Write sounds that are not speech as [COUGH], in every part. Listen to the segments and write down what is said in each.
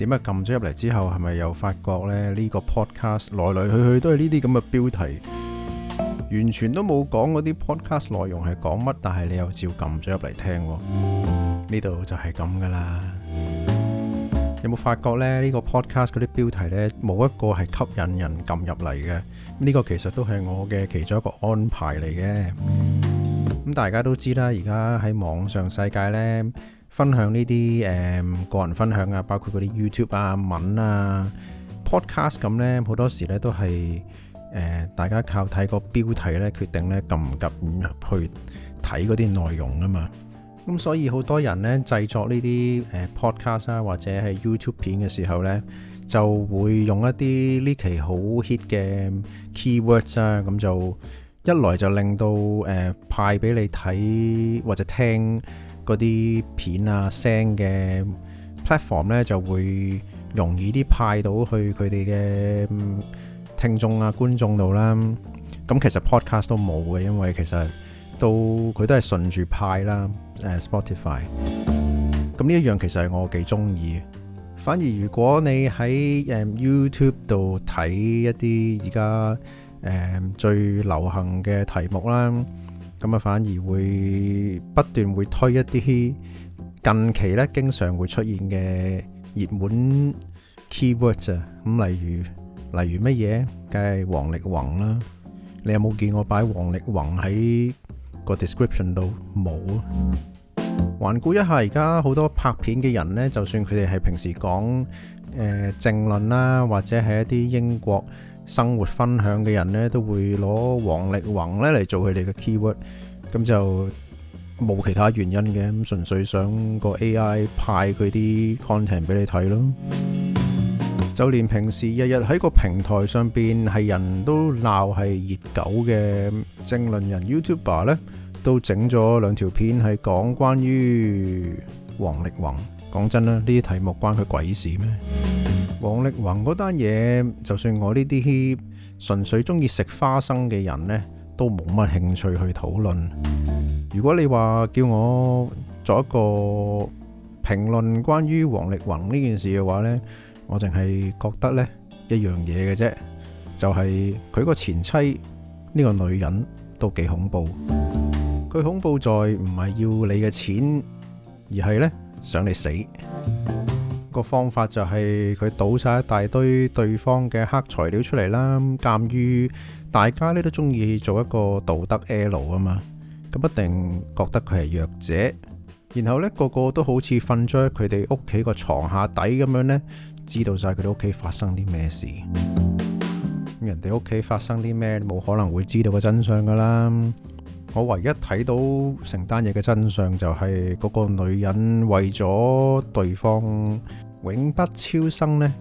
點解撳咗入嚟之後，係咪又發覺咧？呢個 podcast 來來去去都係呢啲咁嘅標題，完全都冇講嗰啲 podcast 內容係講乜，但係你又照撳咗入嚟聽。呢度就係咁噶啦。有冇發覺咧？呢個 podcast 嗰啲標題呢？冇一個係吸引人撳入嚟嘅。呢個其實都係我嘅其中一個安排嚟嘅。咁、嗯、大家都知啦，而家喺網上世界呢。分享呢啲誒個人分享啊，包括嗰啲 YouTube 啊、文啊、Podcast 咁呢，好多時呢都係誒大家靠睇個標題呢決定呢撳唔撳去睇嗰啲內容啊嘛。咁所以好多人呢製作呢啲誒 Podcast 啊或者係 YouTube 片嘅時候呢，就會用一啲呢期好 hit 嘅 keywords 啊，咁就一來就令到誒派俾你睇或者聽。嗰啲片啊、聲嘅 platform 咧，就會容易啲派到去佢哋嘅聽眾啊、觀眾度啦。咁其實 podcast 都冇嘅，因為其實都佢都係順住派啦。啊、Spotify。咁呢一樣其實係我幾中意。反而如果你喺 YouTube 度睇一啲而家最流行嘅題目啦。咁啊，反而會不斷會推一啲近期咧經常會出現嘅熱門 keywords 啊，咁例如例如乜嘢，梗係王力宏啦。你有冇見我擺王力宏喺個 description 度冇？環顧一下而家好多拍片嘅人咧，就算佢哋係平時講誒、呃、政論啦，或者係一啲英國生活分享嘅人呢，都會攞王力宏呢嚟做佢哋嘅 keyword，咁就冇其他原因嘅，咁純粹想個 AI 派佢啲 content 俾你睇咯。就連平時日日喺個平台上邊係人都鬧係熱狗嘅政論人 YouTuber 呢，都整咗兩條片係講關於王力宏。講真啦，呢啲題目關佢鬼事咩？王力宏嗰單嘢，就算我呢啲純粹中意食花生嘅人呢，都冇乜興趣去討論。如果你話叫我作一個評論關於王力宏呢件事嘅話呢，我淨係覺得呢一樣嘢嘅啫，就係佢個前妻呢個女人都幾恐怖。佢恐怖在唔係要你嘅錢，而係呢，想你死。個方法就係佢倒晒一大堆對方嘅黑材料出嚟啦。鑒於大家呢都中意做一個道德 L 啊嘛，咁一定覺得佢係弱者。然後呢，個個都好似瞓咗喺佢哋屋企個床下底咁樣呢，知道晒佢哋屋企發生啲咩事。人哋屋企發生啲咩，你冇可能會知道個真相㗎啦。我唯一睇到成單嘢嘅真相就係嗰個女人為咗對方永不超生呢，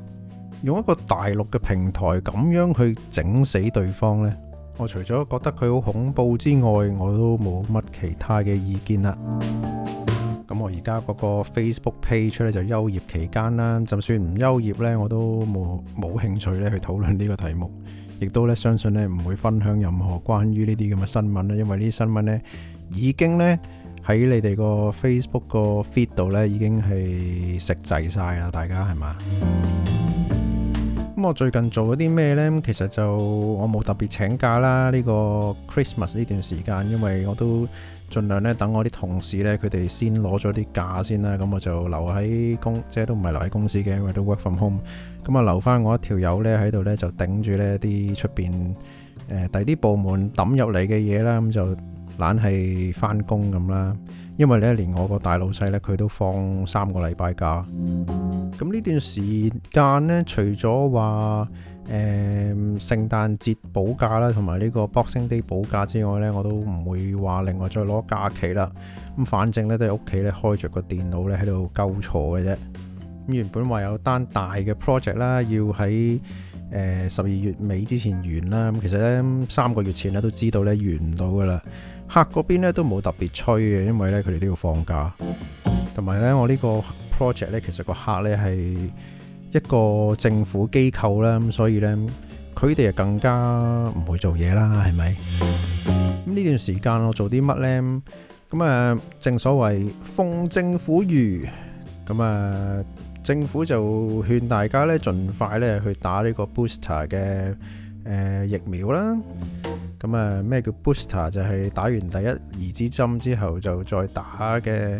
用一個大陸嘅平台咁樣去整死對方呢，我除咗覺得佢好恐怖之外，我都冇乜其他嘅意見啦。咁我而家嗰個 Facebook page 咧就休業期間啦，就算唔休業呢，我都冇冇興趣咧去討論呢個題目。亦都咧，相信咧唔會分享任何關於呢啲咁嘅新聞啦，因為呢啲新聞咧已經咧喺你哋個 Facebook 個 Feed 度咧已經係食滯晒啦，大家係嘛？咁 [MUSIC] 我最近做咗啲咩呢？其實就我冇特別請假啦，呢個 Christmas 呢段時間，因為我都，儘量咧等我啲同事咧，佢哋先攞咗啲假先啦。咁我就留喺公，即係都唔係留喺公司嘅，因為都 work from home。咁啊，留翻我一條友咧喺度咧，就頂住呢啲出邊誒第啲部門抌入嚟嘅嘢啦。咁就懶係翻工咁啦。因為咧，連我個大老細咧，佢都放三個禮拜假。咁呢段時間咧，除咗話，誒、嗯、聖誕節補假啦，同埋呢個 Boxing Day 補假之外呢，我都唔會話另外再攞假期啦。咁反正呢，都喺屋企呢開着個電腦呢喺度鳩坐嘅啫。原本話有單大嘅 project 啦，要喺十二月尾之前完啦。咁其實呢，三個月前咧都知道呢，完唔到㗎啦。客嗰邊咧都冇特別催嘅，因為呢，佢哋都要放假。同埋呢，我呢個 project 呢，其實個客呢係一個政府機構啦，咁所以呢，佢哋又更加唔會做嘢啦，係咪？咁呢段時間我做啲乜呢？咁啊，正所謂奉政府如，咁啊，政府就勸大家呢，盡快呢去打呢個 booster 嘅、呃、疫苗啦。咁啊，咩叫 booster？就係打完第一二支針之後就再打嘅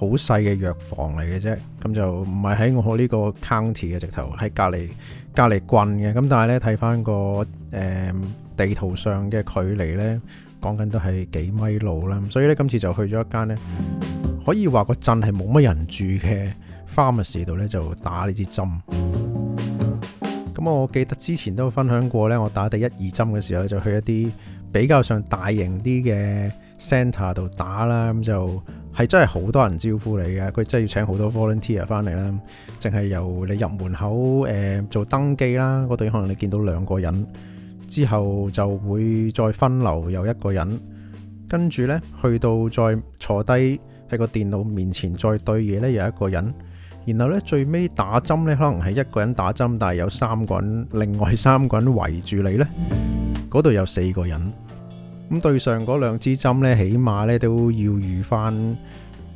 好細嘅藥房嚟嘅啫，咁就唔係喺我呢個 county 嘅直頭，喺隔離隔離郡嘅。咁但係呢，睇翻個誒、嗯、地圖上嘅距離呢，講緊都係幾米路啦。所以呢，今次就去咗一間呢可以話個鎮係冇乜人住嘅 farmers 度呢， [MUSIC] 就打呢支針。咁我記得之前都有分享過呢，我打第一二針嘅時候呢就去一啲比較上大型啲嘅。center 度打啦，咁就係真係好多人招呼你嘅，佢真係要請好多 volunteer 翻嚟啦。淨係由你入門口誒、呃、做登記啦，嗰度可能你見到兩個人，之後就會再分流有一個人，跟住呢，去到再坐低喺個電腦面前再對嘢呢，有一個人，然後呢，最尾打針呢，可能係一個人打針，但係有三個人，另外三個人圍住你呢。嗰度有四個人。咁、嗯、對上嗰兩支針咧，起碼咧都要預翻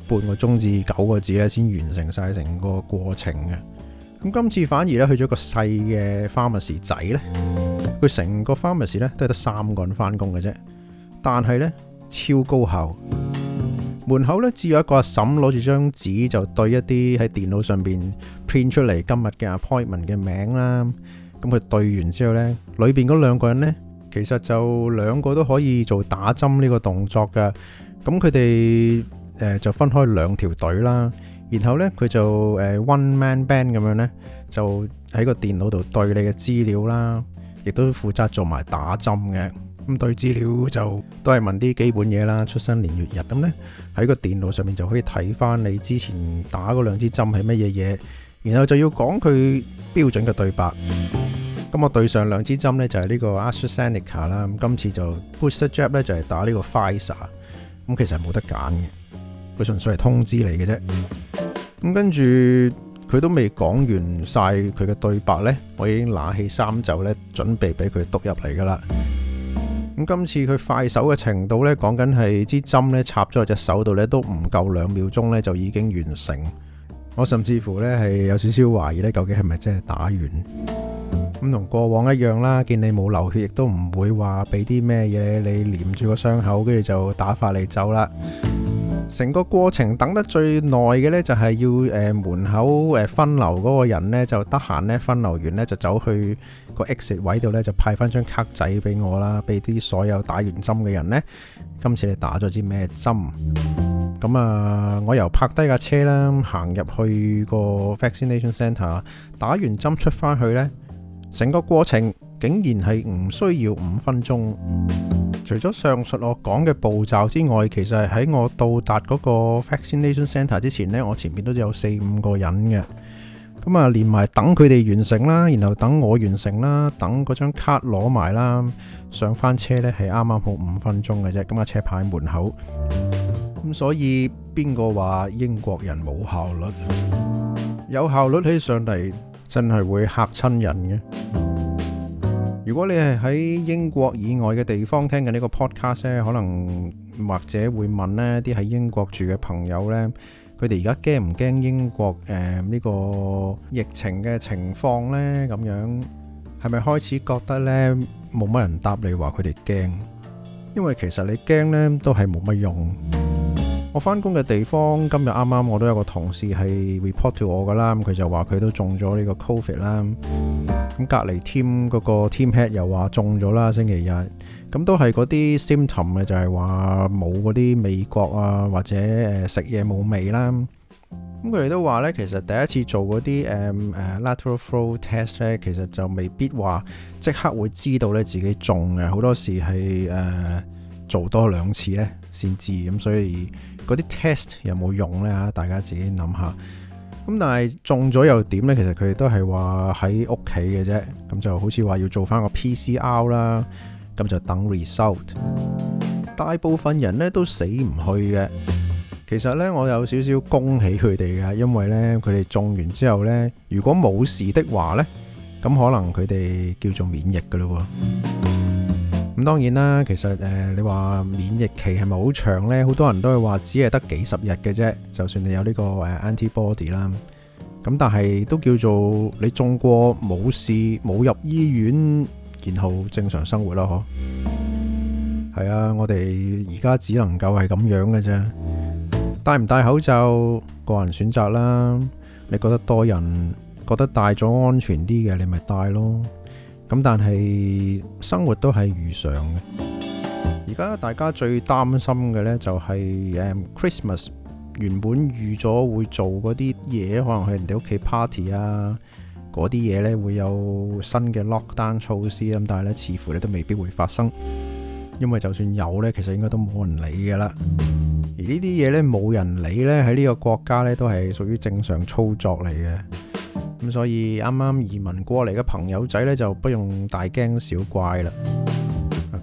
半個鐘至九個字咧，先完成晒成個過程嘅。咁、嗯、今次反而咧去咗個細嘅 farmers 仔咧，佢成個 farmers 咧都係得三個人翻工嘅啫。但係咧超高效，門口咧只有一個阿嬸攞住張紙就對一啲喺電腦上邊 print 出嚟今日嘅 appointment 嘅名啦。咁、嗯、佢對完之後咧，裏邊嗰兩個人咧。其實就兩個都可以做打針呢個動作嘅，咁佢哋誒就分開兩條隊啦，然後呢，佢就誒 one man band 咁樣呢，就喺個電腦度對你嘅資料啦，亦都負責做埋打針嘅，咁對資料就都係問啲基本嘢啦，出生年月日咁呢，喺個電腦上面就可以睇返你之前打嗰兩支針係乜嘢嘢，然後就要講佢標準嘅對白。咁我對上兩支針呢，就係呢個 AstraZeneca 啦，咁今次就 Booster jab 呢，就係打呢個 Pfizer，咁其實冇得揀嘅，佢純粹係通知你嘅啫。咁跟住佢都未講完晒佢嘅對白呢，我已經攔起衫袖呢，準備俾佢督入嚟噶啦。咁今次佢快手嘅程度呢，講緊係支針呢插咗喺隻手度呢，都唔夠兩秒鐘呢，就已經完成。我甚至乎呢，係有少少懷疑呢，究竟係咪真係打完？咁同過往一樣啦，見你冇流血，亦都唔會話俾啲咩嘢你黏住個傷口，跟住就打發你走啦。成個過程等得最耐嘅呢，就係要誒門口誒分流嗰個人呢，就得閒呢分流完呢，就走去個 exit 位度呢，就派翻張卡仔俾我啦，俾啲所有打完針嘅人呢。今次你打咗支咩針？咁啊，我由泊低架車啦，行入去個 vaccination center，打完針出返去呢。整個過程竟然係唔需要五分鐘。除咗上述我講嘅步驟之外，其實喺我到達嗰個 vaccination center 之前呢，我前面都有四五個人嘅。咁啊，連埋等佢哋完成啦，然後等我完成啦，等嗰張卡攞埋啦，上翻車呢係啱啱好五分鐘嘅啫。咁啊，車牌門口咁，所以邊個話英國人冇效率？有效率起上嚟，真係會嚇親人嘅。如果你係喺英國以外嘅地方聽緊呢個 podcast 咧，可能或者會問呢啲喺英國住嘅朋友咧，佢哋而家驚唔驚英國誒呢個疫情嘅情況咧？咁樣係咪開始覺得咧冇乜人答你話佢哋驚？因為其實你驚咧都係冇乜用。我返工嘅地方今日啱啱我都有個同事係 report to 我㗎啦，咁佢就話佢都中咗呢個 COVID 啦。咁隔籬 team 嗰個 team head 又話中咗啦，星期日。咁都係嗰啲 symptom 嘅，就係話冇嗰啲味覺啊，或者誒食嘢冇味啦。咁佢哋都話咧，其實第一次做嗰啲誒誒 lateral flow test 咧，其實就未必話即刻會知道咧自己中嘅，好多時係誒做多兩次咧先知。咁所以。嗰啲 test 有冇用呢吓？大家自己諗下。咁但係中咗又點呢？其實佢哋都係話喺屋企嘅啫。咁就好似話要做翻個 PCR 啦。咁就等 result。大部分人呢都死唔去嘅。其實呢，我有少少恭喜佢哋㗎，因為呢佢哋中完之後呢，如果冇事的話呢，咁可能佢哋叫做免疫㗎咯喎。咁當然啦，其實誒、呃，你話免疫期係咪好長呢？好多人都係話只係得幾十日嘅啫。就算你有呢個誒 antibody 啦，咁但係都叫做你中過冇事冇入醫院，然後正常生活囉，嗬。係啊，我哋而家只能夠係咁樣嘅啫。戴唔戴口罩，個人選擇啦。你覺得多人覺得戴咗安全啲嘅，你咪戴咯。咁但係生活都係如常嘅。而家大家最擔心嘅呢，就係誒 Christmas 原本預咗會做嗰啲嘢，可能去人哋屋企 party 啊嗰啲嘢呢，會有新嘅 lockdown 措施。咁但係呢，似乎呢都未必會發生。因為就算有呢，其實應該都冇人理嘅啦。而呢啲嘢呢，冇人理呢，喺呢個國家呢，都係屬於正常操作嚟嘅。咁所以啱啱移民過嚟嘅朋友仔咧，就不用大驚小怪啦。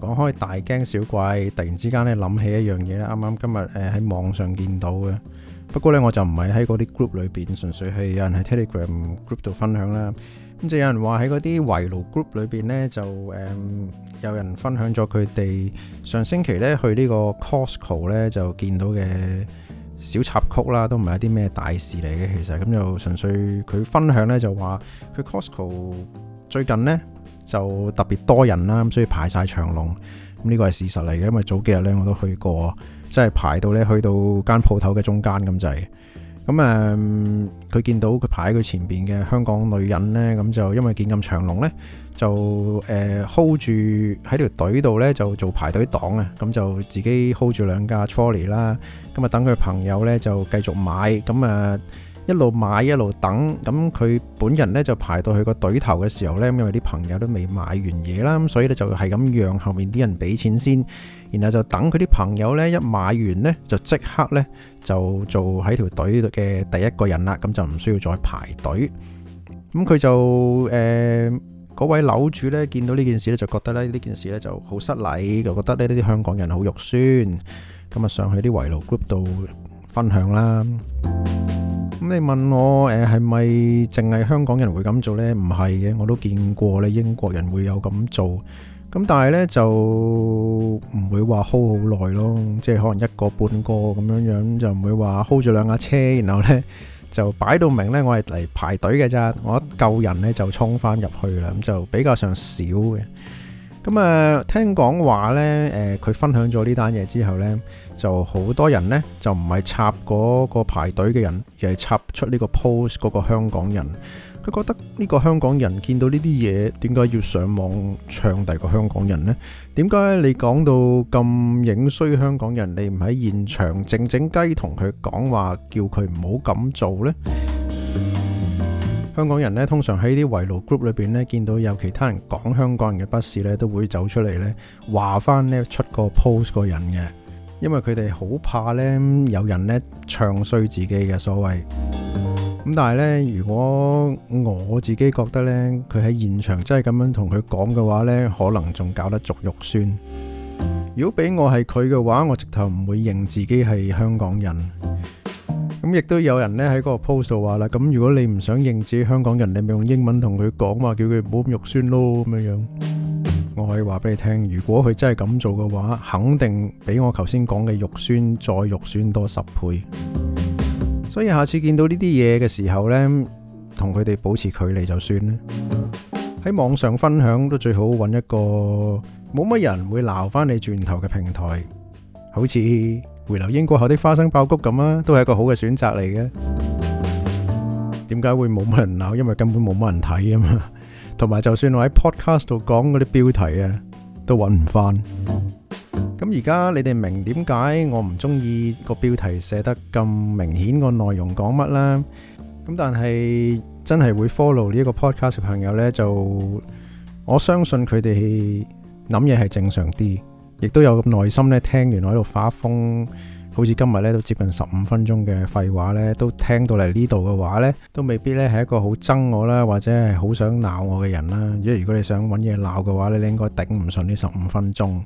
講開大驚小怪，突然之間咧諗起一樣嘢咧，啱啱今日誒喺網上見到嘅。不過咧，我就唔係喺嗰啲 group 裏邊，純粹係有人喺 Telegram group 度分享啦。咁就有人話喺嗰啲圍爐 group 裏邊咧，就誒有人分享咗佢哋上星期咧去呢個 Costco 咧就見到嘅。小插曲啦，都唔係一啲咩大事嚟嘅，其實咁就純粹佢分享呢，就話佢 Costco 最近呢，就特別多人啦，咁所以排晒長龍，咁呢個係事實嚟嘅，因為早幾日呢我都去過，即係排到呢去到間鋪頭嘅中間咁就係。咁誒，佢見到佢排喺佢前邊嘅香港女人咧，咁就因為見咁長龍咧，就誒 hold 住喺條隊度咧，就做排隊黨啊！咁就自己 hold 住兩架 trolley 啦，咁啊等佢朋友咧就繼續買，咁啊～一路買一路等，咁佢本人呢就排到佢個隊頭嘅時候呢，因為啲朋友都未買完嘢啦，咁所以呢就係咁讓後面啲人俾錢先，然後就等佢啲朋友呢一買完呢，就即刻呢就做喺條隊嘅第一個人啦。咁就唔需要再排隊。咁佢就誒嗰，呃，位樓主呢見到呢件事呢，就覺得呢呢件事呢就好失禮，就覺得呢呢啲香港人好肉酸，咁啊上去啲圍爐 group 度分享啦。咁你問我誒係咪淨係香港人會咁做咧？唔係嘅，我都見過咧，英國人會有咁做。咁但係咧就唔會話 hold 好耐咯，即係可能一個半個咁樣樣就唔會話 hold 咗兩架車，然後咧就擺到明咧，我係嚟排隊嘅咋，我一救人咧就衝翻入去啦，咁就比較上少嘅。咁啊，聽講話呢，誒，佢分享咗呢單嘢之後呢，就好多人呢就唔係插嗰個排隊嘅人，而係插出呢個 post 嗰個香港人。佢覺得呢個香港人見到呢啲嘢，點解要上網唱第二個香港人呢？點解你講到咁影衰香港人，你唔喺現場靜靜雞同佢講話，叫佢唔好咁做呢？香港人咧，通常喺啲圍爐 group 裏邊咧，見到有其他人講香港人嘅不是咧，都會走出嚟咧，話翻咧出個 post 個人嘅，因為佢哋好怕咧有人咧唱衰自己嘅所謂。咁但係咧，如果我自己覺得咧，佢喺現場真係咁樣同佢講嘅話咧，可能仲搞得俗肉酸。如果俾我係佢嘅話，我直頭唔會認自己係香港人。咁亦都有人呢喺嗰個 post 話啦，咁如果你唔想認自己香港人，你咪用英文同佢講話，叫佢唔好咁肉酸咯咁樣樣。我可以話俾你聽，如果佢真係咁做嘅話，肯定比我頭先講嘅肉酸再肉酸多十倍。所以下次見到呢啲嘢嘅時候呢，同佢哋保持距離就算啦。喺網上分享都最好揾一個冇乜人會鬧返你轉頭嘅平台，好似回流英國後啲花生爆谷咁啊，都係一個好嘅選擇嚟嘅。點解會冇乜人鬧？因為根本冇乜人睇啊嘛。同埋就算我喺 podcast 度講嗰啲標題啊，都揾唔翻。咁而家你哋明點解我唔中意個標題寫得咁明顯個內容講乜啦？咁但係真係會 follow 呢一個 podcast 朋友呢，就我相信佢哋諗嘢係正常啲。亦都有咁耐心咧，聽完我喺度發瘋，好似今日咧都接近十五分鐘嘅廢話咧，都聽到嚟呢度嘅話咧，都未必咧係一個好憎我啦，或者係好想鬧我嘅人啦。如果如果你想揾嘢鬧嘅話咧，你應該頂唔順呢十五分鐘，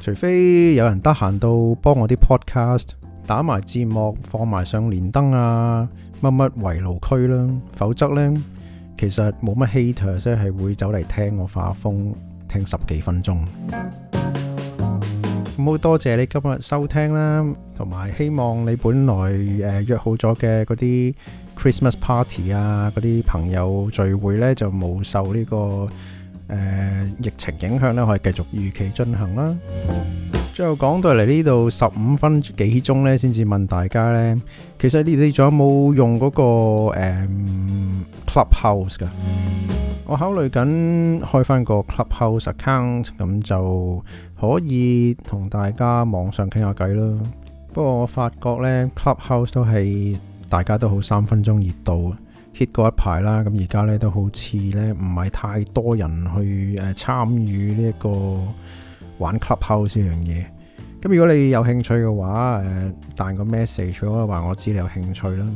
除非有人得閒到幫我啲 podcast 打埋字幕，放埋上連登啊、乜乜圍爐區啦，否則呢其實冇乜 hater 即係會走嚟聽我發瘋，聽十幾分鐘。咁好多謝你今日收聽啦，同埋希望你本來誒約好咗嘅嗰啲 Christmas party 啊，嗰啲朋友聚會呢就冇受呢個誒疫情影響呢，可以繼續如期進行啦。最後講到嚟呢度十五分幾鐘呢，先至問大家呢，其實你你仲有冇用嗰個誒 Clubhouse 㗎？我考慮緊開翻個 Clubhouse account，咁就可以同大家網上傾下偈啦。不過我發覺呢 Clubhouse 都係大家都好三分鐘熱度，hit 嗰一排啦。咁而家呢都好似呢唔係太多人去誒參與呢一個玩 Clubhouse 呢樣嘢。咁如果你有興趣嘅話，誒彈個 message 我話我知你有興趣啦。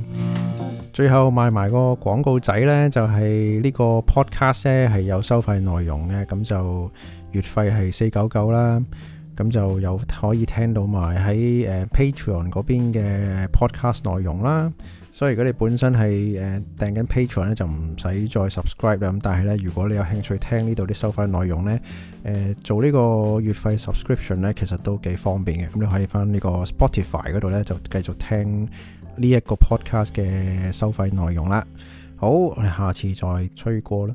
最後賣埋個廣告仔呢，就係呢個 podcast 呢係有收費內容嘅，咁就月費係四九九啦，咁就有可以聽到埋喺誒 patreon 嗰邊嘅 podcast 內容啦。所以如果你本身係誒訂緊 Patreon 咧，就唔使再 subscribe 啦。咁但係咧，如果你有興趣聽呢度啲收費內容咧，誒、呃、做呢個月費 subscription 咧，其實都幾方便嘅。咁你可以翻呢個 Spotify 嗰度咧，就繼續聽呢一個 podcast 嘅收費內容啦。好，我哋下次再吹過啦。